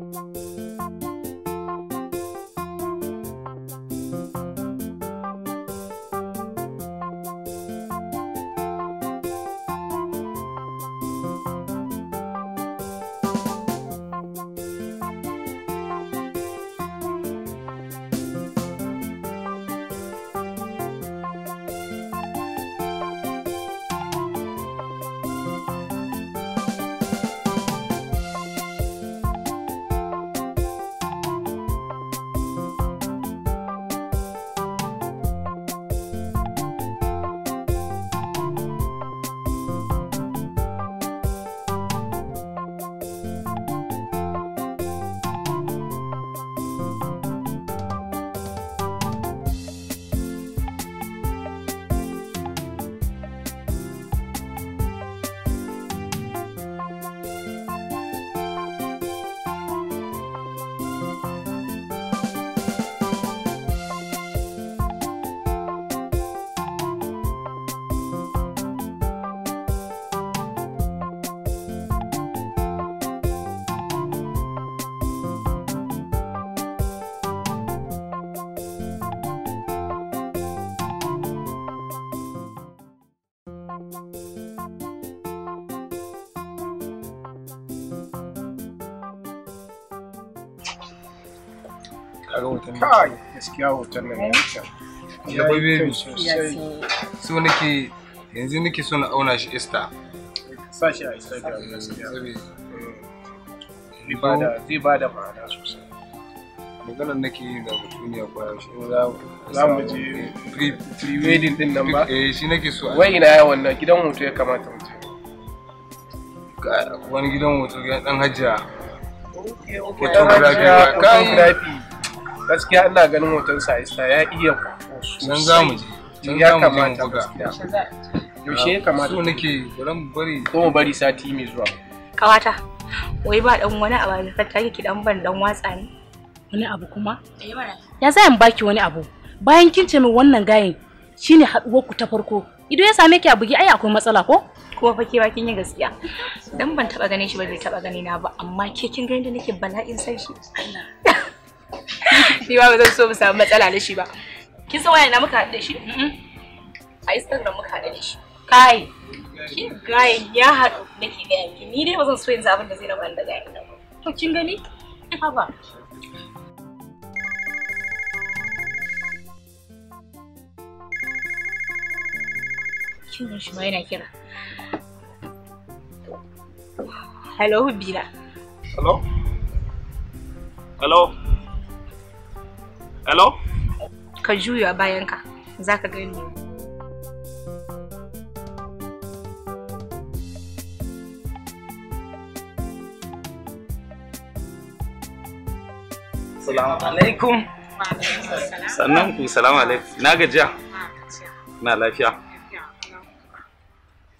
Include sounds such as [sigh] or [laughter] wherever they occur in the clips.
you. kaga hoton kai gaskiya hoton nan ya kyau ya yi kyau sosai so nake yanzu nake son na auna shi ista sa shi a instagram mm, gaskiya mm. Mm. zai ba da ma'ana sosai maganar nake yi ga mutuniya kwaya shi za mu je pre-wedding din nan ba eh shi nake so wai ina yawan nan gidan hoto ya kamata mu je wani gidan hoto dan hajjia photography kai gaskiya ina ganin hoton sa isa ya iya kwakwos nan za mu je ya kamata gaskiya yaushe ya kamata so nake bari bari ko mu bari sati mai zuwa kawata wai ba dan wani abu ne fatta kike dan ban dan watsa ne wani abu kuma eh, ya za in baki wani abu bayan kin ce min wannan gayin shine haduwar ku ta farko ido ya same ki a bugi ai akwai matsala ko kuma fa ke ba kin yi gaskiya dan ban taba ganin shi ba bai taba gani na ba amma ke kin ga inda nake bala'in san shi Allah [laughs] ni ba zan so mu samu matsala da shi ba kin san waya na muka haɗu da shi a instagram muka haɗu da shi kai ki gayen ya haɗu nake ga ki ni dai ba zan so yanzu abin da zai na banda gayen ba. to kin gani haba Kin shi ma yana kira hello Bila. hello hello Hello? Ka juya bayanka, za ka gani. Salamu alaikum. Sannan ku salamu alaikum. Na gajiya? Na lafiya.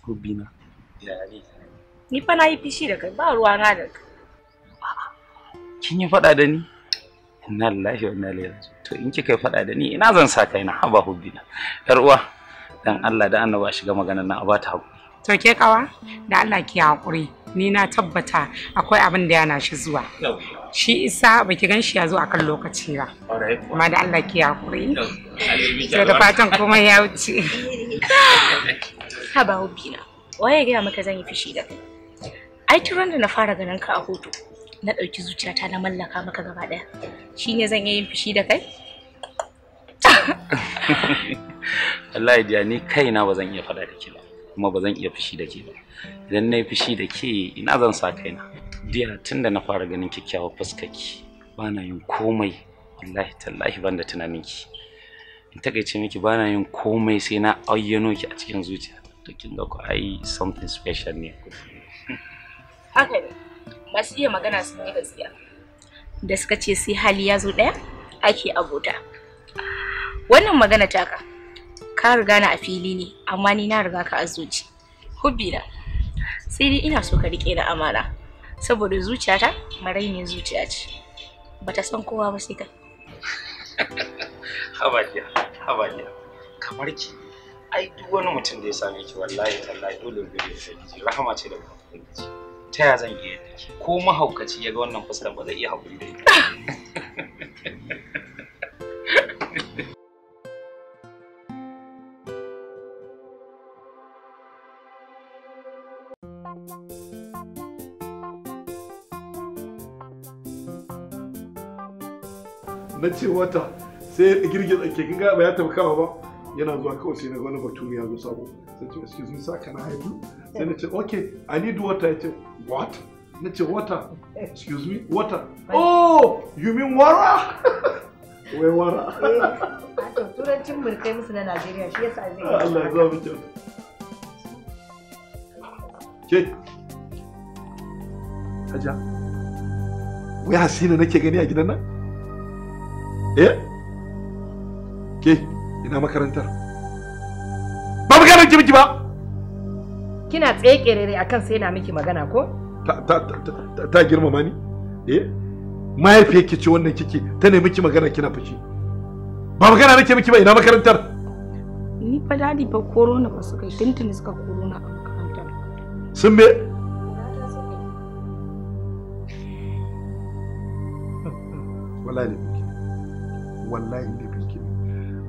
Rubina. Ni fa na yi fishi da kai ba ruwa na da kai. Kin yi faɗa da ni? inna lillahi wa inna ilaihi raji'un to in kika faɗa da ni ina zan sa kai na haba hubbina yar uwa dan Allah da annaba shiga magana na abata hakuri to ke kawa da Allah ki hakuri ni na tabbata akwai abin da yana shi zuwa shi isa baki gan shi ya zo akan lokaci ba amma da Allah ki hakuri sai da fatan kuma ya wuce [laughs] haba hubbina waye gaya maka zan yi fishi da kai ai turan da na fara ganin ka a hoto na ɗauki zuciyata na mallaka maka gaba ɗaya shi ne zan yi fushi da kai? Allah ya ni kaina ba zan iya faɗa da ke ba kuma ba zan iya fushi da ke ba idan na yi fushi da ke ina zan sa kaina diya tun da na fara ganin kyakkyawar fuskaki ba na yin komai wallahi tallahi ban da tunaninki in takaice miki ba na yin komai sai na ayyano ki a cikin zuciya to kin ga ku ai something special ne haka ne masu iya magana sun yi gaskiya da suka ce sai hali ya zo ɗaya ake abota wannan magana taka ka riga na a fili ne amma ni na riga ka a zuci hubbi na sai dai ina so ka riƙe na amana saboda zuciyata marai ne zuciya ce bata san kowa ba sai ka. [laughs] habadiya habadiya kamar ki ai duk wani mutum da ya same ki wallahi tallahi dole ne ya sake rahama ce da ku ta ya zan iya ko mahaukaci ya ga wannan fuskar ba zai iya haƙuri da ita na ce wata sai ya girgiza ke kinga ba ya tafi kawa ba yana zuwa kawai sai na ga wani baturi ya zo sabo sai ce excuse me sa kana haihu sai na ce okay i need water ya ce what na ce water excuse me water oh you mean wara [laughs] wai wara eh, to turancin mulkai musu na najeriya shi yasa zai Allah ya zo mu ke haja wai hasina nake gani a gidan nan eh ke ina makarantar ba maganar ki ba kina tsaye kerere akan sai na miki magana ko ta girmama ni eh mahaifiya ke ce wannan kike ta nemi ki magana kina fushi ba magana nake miki ba ina makarantar ni fa dadi ba corona ba suka tuntuni suka corona a makarantar sun me wallahi ne wallahi ne biki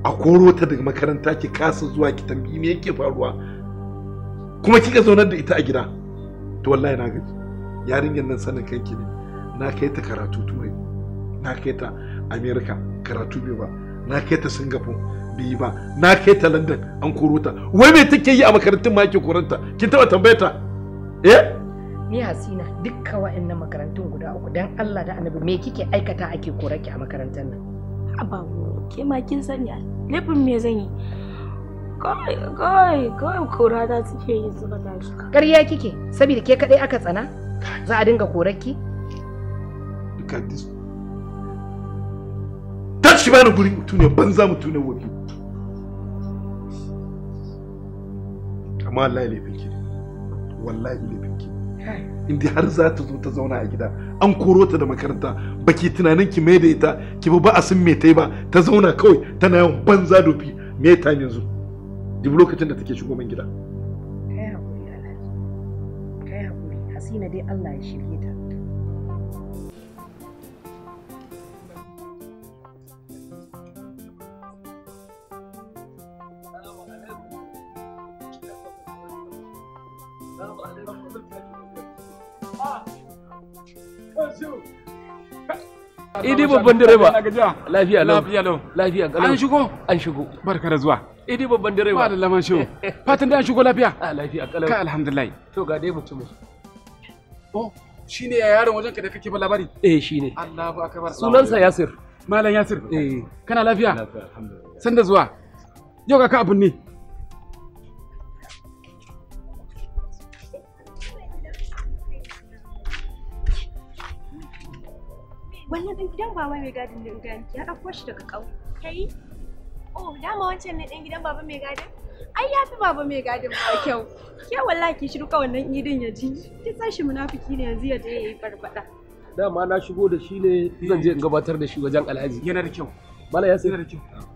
a koro ta daga makaranta ki kasa zuwa ki tambayi me yake faruwa kuma kika zaunar da ita a gida to wallahi na gaji yarinyar nan sanin kanki ne na kai ta karatu turai na kai ta america karatu bai ba na kai ta singapore bai ba na kai ta london an koro ta wai me take yi a makarantun ma yake koranta kin taba tambayata eh ni hasina dukkan wa'annan makarantun guda uku dan Allah da annabi me kike aikata ake koraki a makarantar nan haba ke ma kin sani laifin me zan yi kai kai kai kora ta suke yi suka tashi ƙarya kike saboda ke kadai aka tsana za a dinga koraki look at this tashi bani guri mutune ne banza mutune ne wofi amma wallahi laifin ki wallahi laifin ki inda har za ta zo ta zauna a gida an koro ta da makaranta baki tunanin ki mai da ita ki ba a sun mai ba ta zauna kawai tana yawan banza dofi me ta yanzu duk lokacin da take shigo min gida hasina dai allah ya shirye ta idi babban direba lafiya lau lafiya lau lafiya galau an shigo an shigo barka da zuwa idi babban direba ba da laman shigo fatan da an shigo lafiya a [laughs] ah, lafiya galau ka alhamdulillah to ga dai mutum oh ya yaron wajen ka da kake ba labari eh shine Allahu akbar sunansa Yasir Malam Yasir eh kana lafiya lafiya alhamdulillah sanda zuwa yau ka ka abun ne wannan gidan baba mai gadin da ya ɗauko shi daga ƙauye kai oh dama wancan ne ɗan gidan baba mai gadin ai ya fi baba mai gadin ba kyau ke wallahi ki shiru ka wannan idin ya ji ki shi munafiki ne yanzu ya je ya yi farfada dama na shigo da shi ne zan je in gabatar da shi wajen alhaji yana da kyau mala ya sai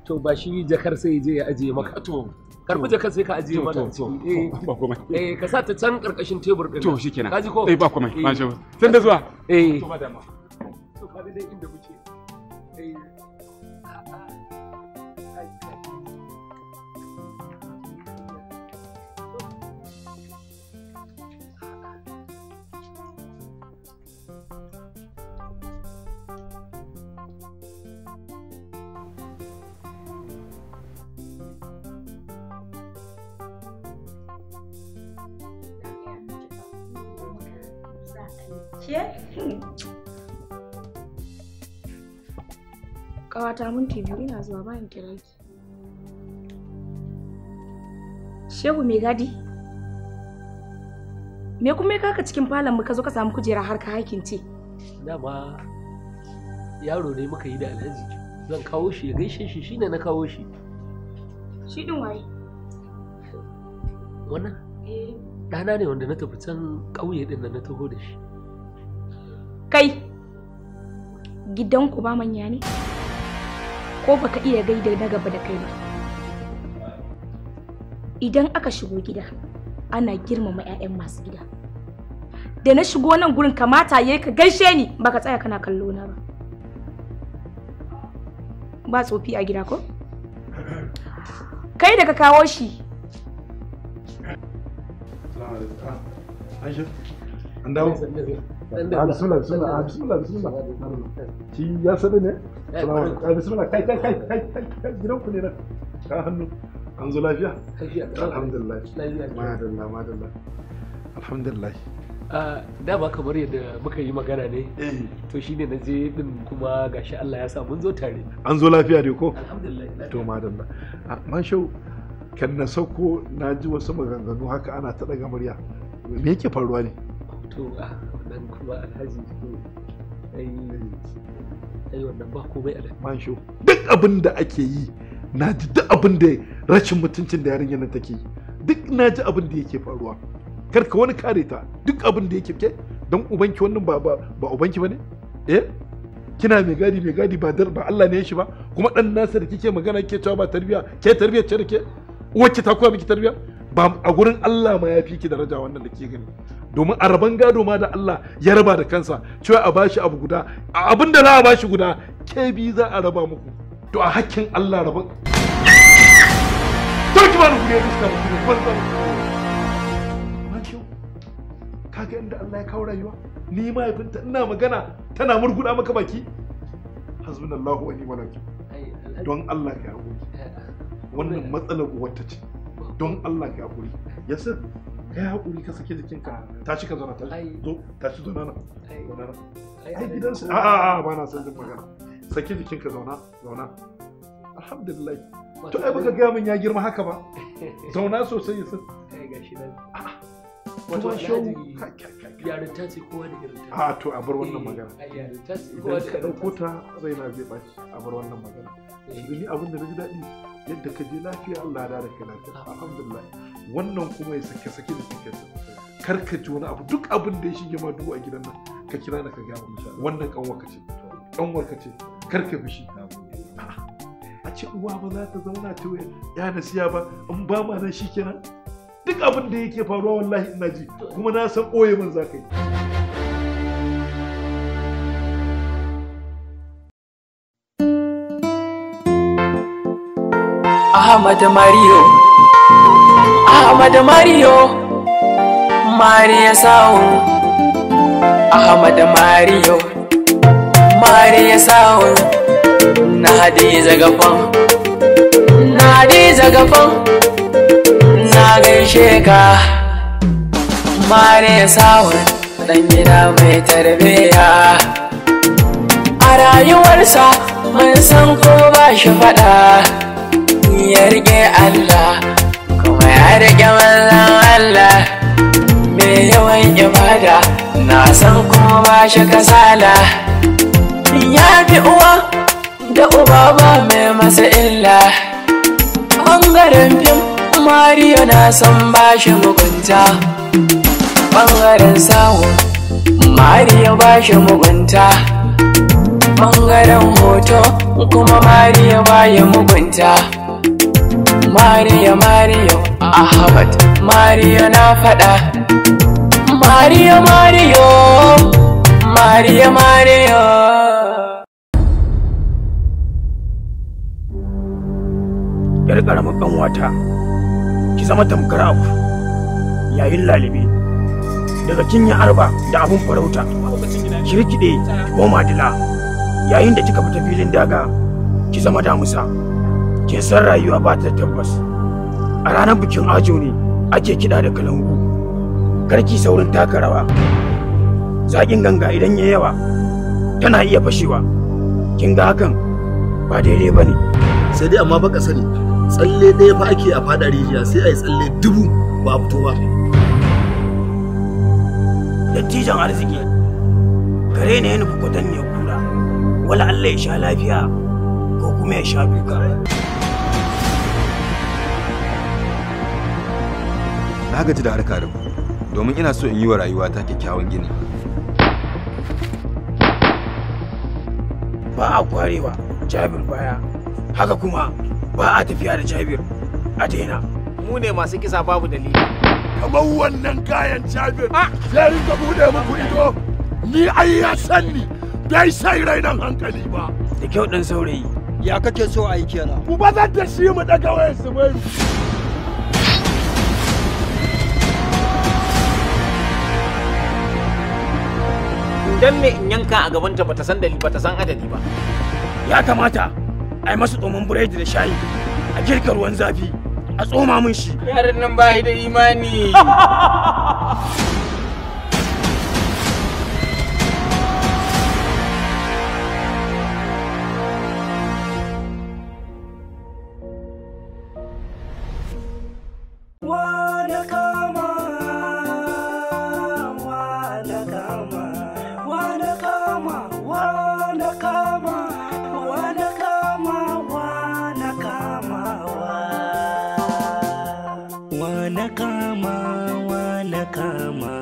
to ba shi jakar sai je ya ajiye maka to karbi jakar sai ka ajiye maka to eh, ba komai eh ka sa ta can karkashin tebur din to shikenan kaji ko eh ba komai ma shi san da zuwa eh to ba dama to ka dai inda muke eh Ciye? Ƙawata minti biyu ina zuwa bayan kira ki. Shehu mai gadi? Me kuma ya kaka cikin falon mu ka zo ka samu kujera har ka hakin ce? Dama yaro ne muka yi da alhaji. Zan kawo shi ya gaishe shi shine na kawo shi. Shi din waye? Wannan? Eh. Ɗana ne wanda na tafi can ƙauye ɗin da na taho da shi. Kai, gidanku ba manya ne? Ko baka iya gaida na gaba da kai ba? Idan aka shigo gida, ana girmama 'ya'yan masu gida. Da na shigo nan gurin kamata yayi ka gaishe ni baka tsaya kana kallo na ba. Ba tsofi a gida ko? Kai da ka kawo shi. an dawo bismillah bismillah bisimila bisimila ci ya sabi ne eh, ah, bisimila kai kai kai kai kai gidan ku ne ka hannu an zo lafiya alhamdulillah madalla madalla alhamdulillah ah, da ba kamar yadda muka yi magana ne eh. to shi ne na je din kuma gashi Allah ya sa mun zo tare an zo lafiya dai ko alhamdulillah to madalla ah, man shau kan na sauko na ji wasu maganganu haka ana ta daga murya me yake faruwa ne to a wannan kuma alhaji ai wannan ba komai alhaji man sho duk abin da ake yi na ji duk abin da rashin mutuncin da yarinyar nan take yi duk na ji abin da yake faruwa kar ka wani kare ta duk abin da yake ke don ubanki wannan ba ba ba ubanki bane eh kina mai gadi mai gadi ba dar ba Allah ne ya shi ba kuma dan nasa da kike magana kike cewa ba tarbiya ke tarbiya ce da ke uwarki ta koya miki tarbiya ba a gurin Allah ma ya fi ki daraja wannan da ke gani domin a raban gado ma da Allah ya raba da kansa cewa a bashi abu guda abin da za a bashi guda ke bi za a raba muku to a hakkin Allah raban to ki ni kuɗi iska ba kuɗi ban ban kaga inda Allah ya kawo rayuwa ni ma yafinta ina magana tana murguda maka baki hasbunallahu wa ni'mal wakil don Allah ya hakuri eh, eh. wannan matsalar wata ce don Allah ya hakuri yasir ka haƙuri ka sake jikinka ta ci ka zauna ta zo ta ci zauna na ai gidansu a a a ba na son jin magana sake jikinka zauna zauna alhamdulillah to ai baka ga min ya girma haka ba zauna sosai yasa ai gashi nan wato alhaji yarinta ce kowa da irin ta a to a bar wannan eh, magana yarinta ce kowa da irin ta dauko ta raina zai ɓaci a bar wannan magana yanzu eh. ni abin da na ji daɗi yadda ka je lafiya Allah da ka lafiya ah. alhamdulillah wannan kuma ya sake sake da kike kar ka ji wani abu duk abin da ya shige ma dubu a gidan nan ka kira na ka gaya wannan kanwar ka ce kanwar ka ce kar ka fushi ah. a ce uwa ba za ta zauna ta ya nasiya ba in ba ma nan shikenan duk abin da yake faruwa wallahi ina ji kuma na san ɓoye min za ka yi Ahmad Mario Ahmad Mario Maria Sao Ahmad Mario Maria Sao Na Hadiza Gafan Na Hadiza Gafan na gaishe ka mare sawun dan gida mai tarbiya a rayuwarsa mun san ko ba shi fada ya rike Allah kuma ya rike manzan Allah mai yawan ibada na san ko ba shi kasala ya fi uwa da uba ba mai masa illa ɓangaren fim mariya na san bashi mugunta ɓangaren sawo mariya bashi mugunta ɓangaren hoto kuma mariya ya mugunta mariya mariya ahmad mariya na faɗa mariya mariya mariya mariya yar ƙaramin ƙanwata ki zama tamkar abu yayin lalibe daga kin cinya arba da abun farauta ki rikide ki koma dila yayin da kika fita filin daga ki zama damusa ke san rayuwa ba ta tabbas a ranar bikin ajo ne ake kiɗa da kalangu karki saurin taka rawa zaƙin ganga idan ya yawa tana iya fashewa kin ga hakan ba daidai ba ne sai dai amma baka sani tsalle ɗaya fa ake a faɗa rijiya sai a yi tsalle dubu ba fito ba dattijan arziki kare ne ya nufi kwatan ne kula wala allah ya sha lafiya ko kuma ya sha duka na gaji da harka da ku domin ina so in yi wa rayuwata kyakkyawan gini ba a kwarewa jabir baya haka kuma ba a tafiya da Jabir a daina mu ne masu kisa babu dalili kamar wannan kayan Jabir sai ah! rinka bude muku ido ni ai ya san ni bai sai rainan hankali ba da kyau dan saurayi ya kake so a yi kenan ku bazar da shi mu daga waye su mai dan me in yanka a ta bata san dalili bata san adadi ba ya kamata a ai masa tsoman buredi da shayi a girka ruwan zafi a tsoma mun shi yaran nan ba da imani [laughs] on.